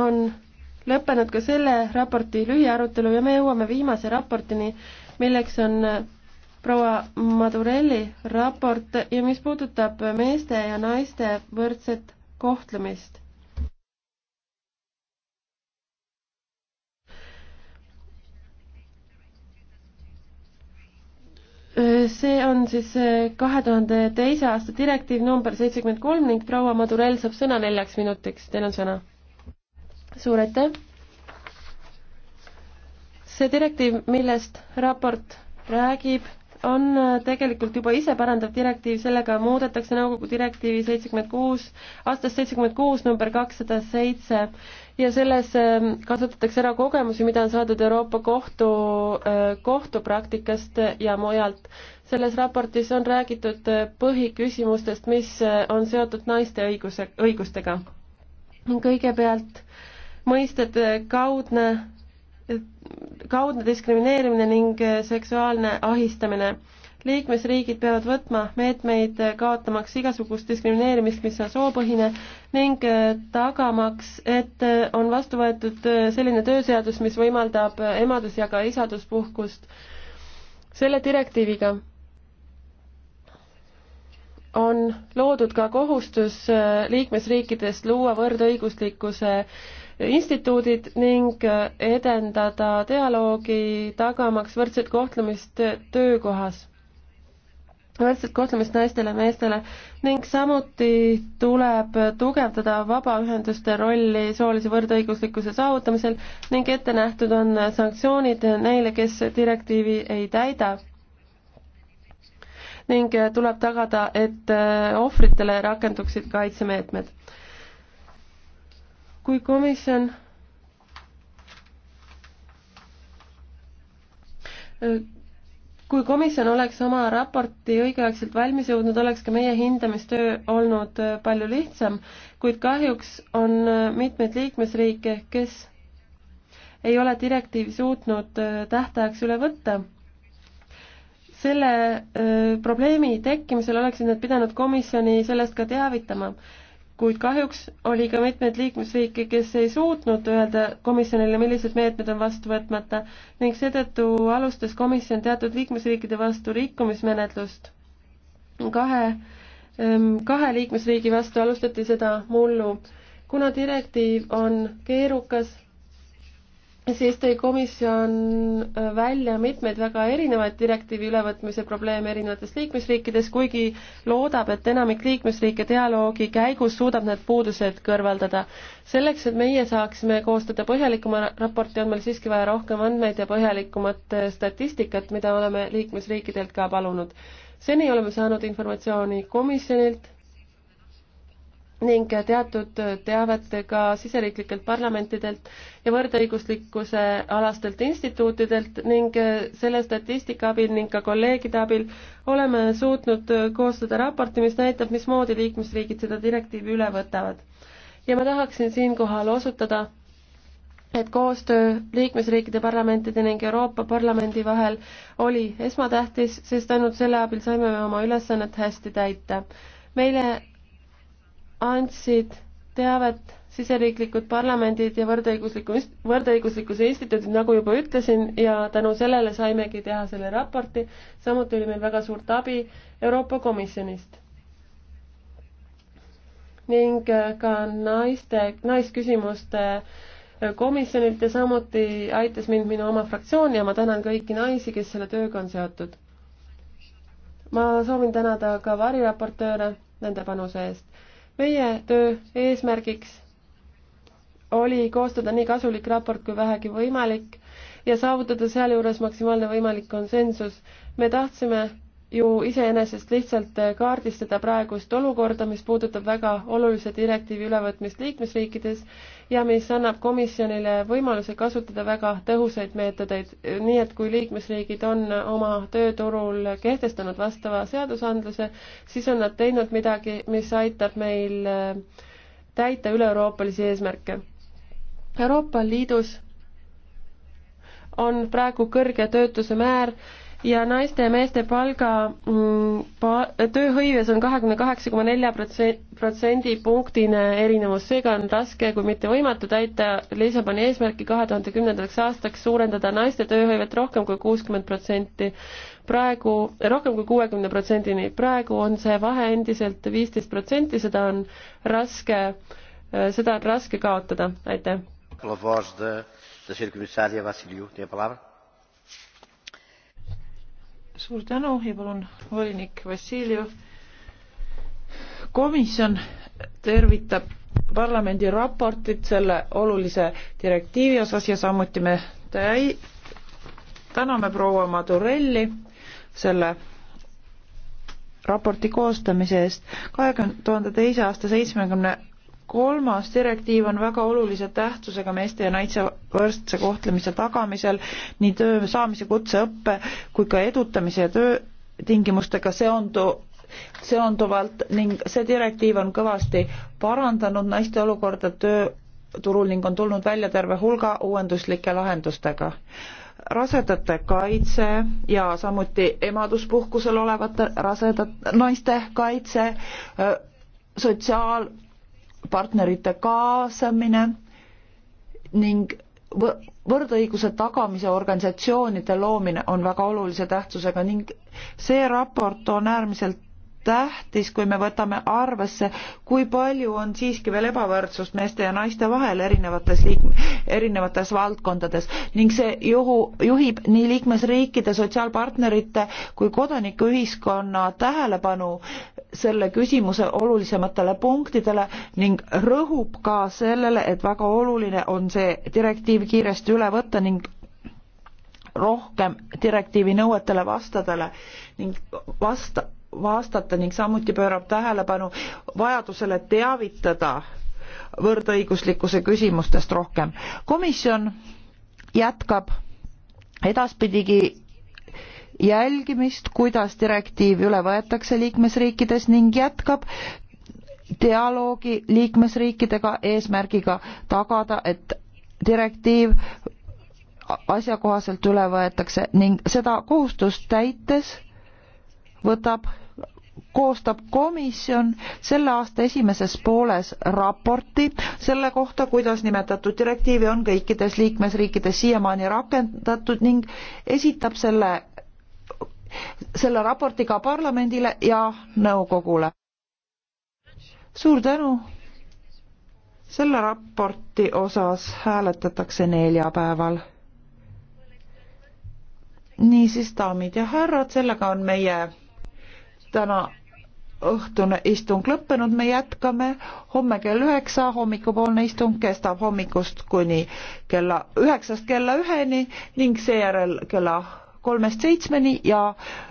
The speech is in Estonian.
on lõppenud ka selle raporti lühiarutelu ja me jõuame viimase raportini, milleks on proua Madurelli raport ja mis puudutab meeste ja naiste võrdset kohtlemist. see on siis kahe tuhande teise aasta direktiiv number seitsekümmend kolm ning proua Madurell saab sõna neljaks minutiks, teil on sõna suur aitäh! see direktiiv, millest raport räägib, on tegelikult juba isepärandav direktiiv, sellega muudetakse nõukogu direktiivi seitsekümmend kuus, aastast seitsekümmend kuus number kakssada seitse ja selles ähm, kasutatakse ära kogemusi, mida on saadud Euroopa Kohtu, äh, kohtupraktikast ja mujalt. selles raportis on räägitud äh, põhiküsimustest, mis äh, on seotud naiste õiguse, õigustega. kõigepealt mõistete eh, kaudne, kaudne diskrimineerimine ning eh, seksuaalne ahistamine. liikmesriigid peavad võtma meetmeid eh, kaotamaks igasugust diskrimineerimist, mis on soopõhine ning tagamaks, et on vastu võetud selline tööseadus, mis võimaldab emadus- ja ka isaduspuhkust. selle direktiiviga on loodud ka kohustus äh, liikmesriikidest luua võrdõiguslikkuse instituudid ning äh, edendada dialoogi, tagamaks võrdset kohtlemist äh, töökohas, võrdset kohtlemist naistele ja meestele ning samuti tuleb tugevdada vabaühenduste rolli soolise võrdõiguslikkuse saavutamisel ning ette nähtud on sanktsioonid neile, kes direktiivi ei täida ning tuleb tagada, et äh, ohvritele rakenduksid kaitsemeetmed. kui komisjon äh, kui komisjon oleks oma raporti õigeaegselt valmis jõudnud, oleks ka meie hindamistöö olnud äh, palju lihtsam, kuid kahjuks on mitmeid liikmesriike, kes ei ole direktiivi suutnud tähtajaks üle võtta selle öö, probleemi tekkimisel oleksid nad pidanud komisjoni sellest ka teavitama, kuid kahjuks oli ka mitmeid liikmesriike, kes ei suutnud öelda komisjonile, millised meetmed on vastu võtmata ning seetõttu alustas komisjon teatud liikmesriikide vastu rikkumismenetlust. kahe, kahe liikmesriigi vastu alustati seda mullu. kuna direktiiv on keerukas siis tõi komisjon äh, välja mitmeid väga erinevaid direktiivi ülevõtmise probleeme erinevates liikmesriikides, kuigi loodab, et enamik liikmesriike dialoogi käigus suudab need puudused kõrvaldada. selleks, et meie saaksime koostada põhjalikuma raporti, on meil siiski vaja rohkem andmeid ja põhjalikumat äh, statistikat, mida oleme liikmesriikidelt ka palunud. seni oleme saanud informatsiooni komisjonilt, ning teatud teavet ka siseriiklikelt parlamentidelt ja võrdõiguslikkuse alastelt instituutidelt ning selle statistika abil ning ka kolleegide abil oleme suutnud koostada raporti, mis näitab, mismoodi liikmesriigid seda direktiivi üle võtavad. ja ma tahaksin siinkohal osutada, et koostöö liikmesriikide parlamentide ning Euroopa Parlamendi vahel oli esmatähtis, sest ainult selle abil saime me oma ülesannet hästi täita. meile andsid teavet siseriiklikud parlamendid ja võrdõigusliku, võrdõiguslikkuse instituudid, nagu juba ütlesin, ja tänu sellele saimegi teha selle raporti. samuti oli meil väga suurt abi Euroopa Komisjonist. ning äh, ka naiste, naisküsimuste äh, komisjonilt ja samuti aitas mind minu oma fraktsioon ja ma tänan kõiki naisi, kes selle tööga on seotud. ma soovin tänada ka variraportööre nende panuse eest meie töö eesmärgiks oli koostada nii kasulik raport kui vähegi võimalik ja saavutada sealjuures maksimaalne võimalik konsensus. me tahtsime ju iseenesest lihtsalt eh, kaardistada praegust olukorda, mis puudutab väga olulise direktiivi ülevõtmist liikmesriikides ja mis annab komisjonile võimaluse kasutada väga tõhusaid meetodeid, nii et kui liikmesriigid on oma tööturul kehtestanud vastava seadusandluse, siis on nad teinud midagi, mis aitab meil eh, täita üle-euroopalisi eesmärke. Euroopa Liidus on praegu kõrge töötuse määr ja naiste ja meeste palga mm, pa, tööhõives on kahekümne kaheksa koma nelja protsendipunktine erinevus, seega on raske, kui mitte võimatu täita Lissaboni eesmärki kahe tuhande kümnendaks aastaks suurendada naiste tööhõivet rohkem kui kuuskümmend protsenti. praegu rohkem kui kuuekümne protsendini, praegu on see vahe endiselt viisteist protsenti, seda on raske, seda on raske kaotada, aitäh suur tänu ja palun volinik Vassiljev. komisjon tervitab parlamendi raportit selle olulise direktiivi osas ja samuti me täi-, täname proua Madurelli selle raporti koostamise eest. kahekümne tuhande teise aasta seitsmekümne kolmas direktiiv on väga olulise tähtsusega meeste ja naise võrdse kohtlemise tagamisel nii töö saamise, kutseõppe kui ka edutamise ja töötingimustega seondu-, seonduvalt ning see direktiiv on kõvasti parandanud naiste olukorda tööturul ning on tulnud välja terve hulga uuenduslike lahendustega. rasedate kaitse ja samuti emaduspuhkusel olevate rasedat-, naiste kaitse, sotsiaal- partnerite kaasamine ning võrdõiguse tagamise organisatsioonide loomine on väga olulise tähtsusega ning see raport on äärmiselt tähtis, kui me võtame arvesse, kui palju on siiski veel ebavõrdsust meeste ja naiste vahel erinevates liik-, erinevates valdkondades ning see juhu, juhib nii liikmesriikide sotsiaalpartnerite kui kodanikuühiskonna tähelepanu selle küsimuse olulisematele punktidele ning rõhub ka sellele, et väga oluline on see direktiiv kiiresti üle võtta ning rohkem direktiivi nõuetele vastadele ning vasta-, vastata ning samuti pöörab tähelepanu vajadusele teavitada võrdõiguslikkuse küsimustest rohkem. komisjon jätkab edaspidigi jälgimist, kuidas direktiiv üle võetakse liikmesriikides ning jätkab dialoogi liikmesriikidega eesmärgiga tagada, et direktiiv asjakohaselt üle võetakse ning seda kohustust täites võtab koostab komisjon selle aasta esimeses pooles raporti selle kohta, kuidas nimetatud direktiivi on kõikides liikmesriikides siiamaani rakendatud ning esitab selle, selle raporti ka parlamendile ja nõukogule. suur tänu! selle raporti osas hääletatakse neljapäeval niisiis, daamid ja härrad, sellega on meie täna õhtune istung lõppenud, me jätkame homme kell üheksa, hommikupoolne istung kestab hommikust kuni kella üheksast kella üheni ning seejärel kella kolmest seitsmeni ja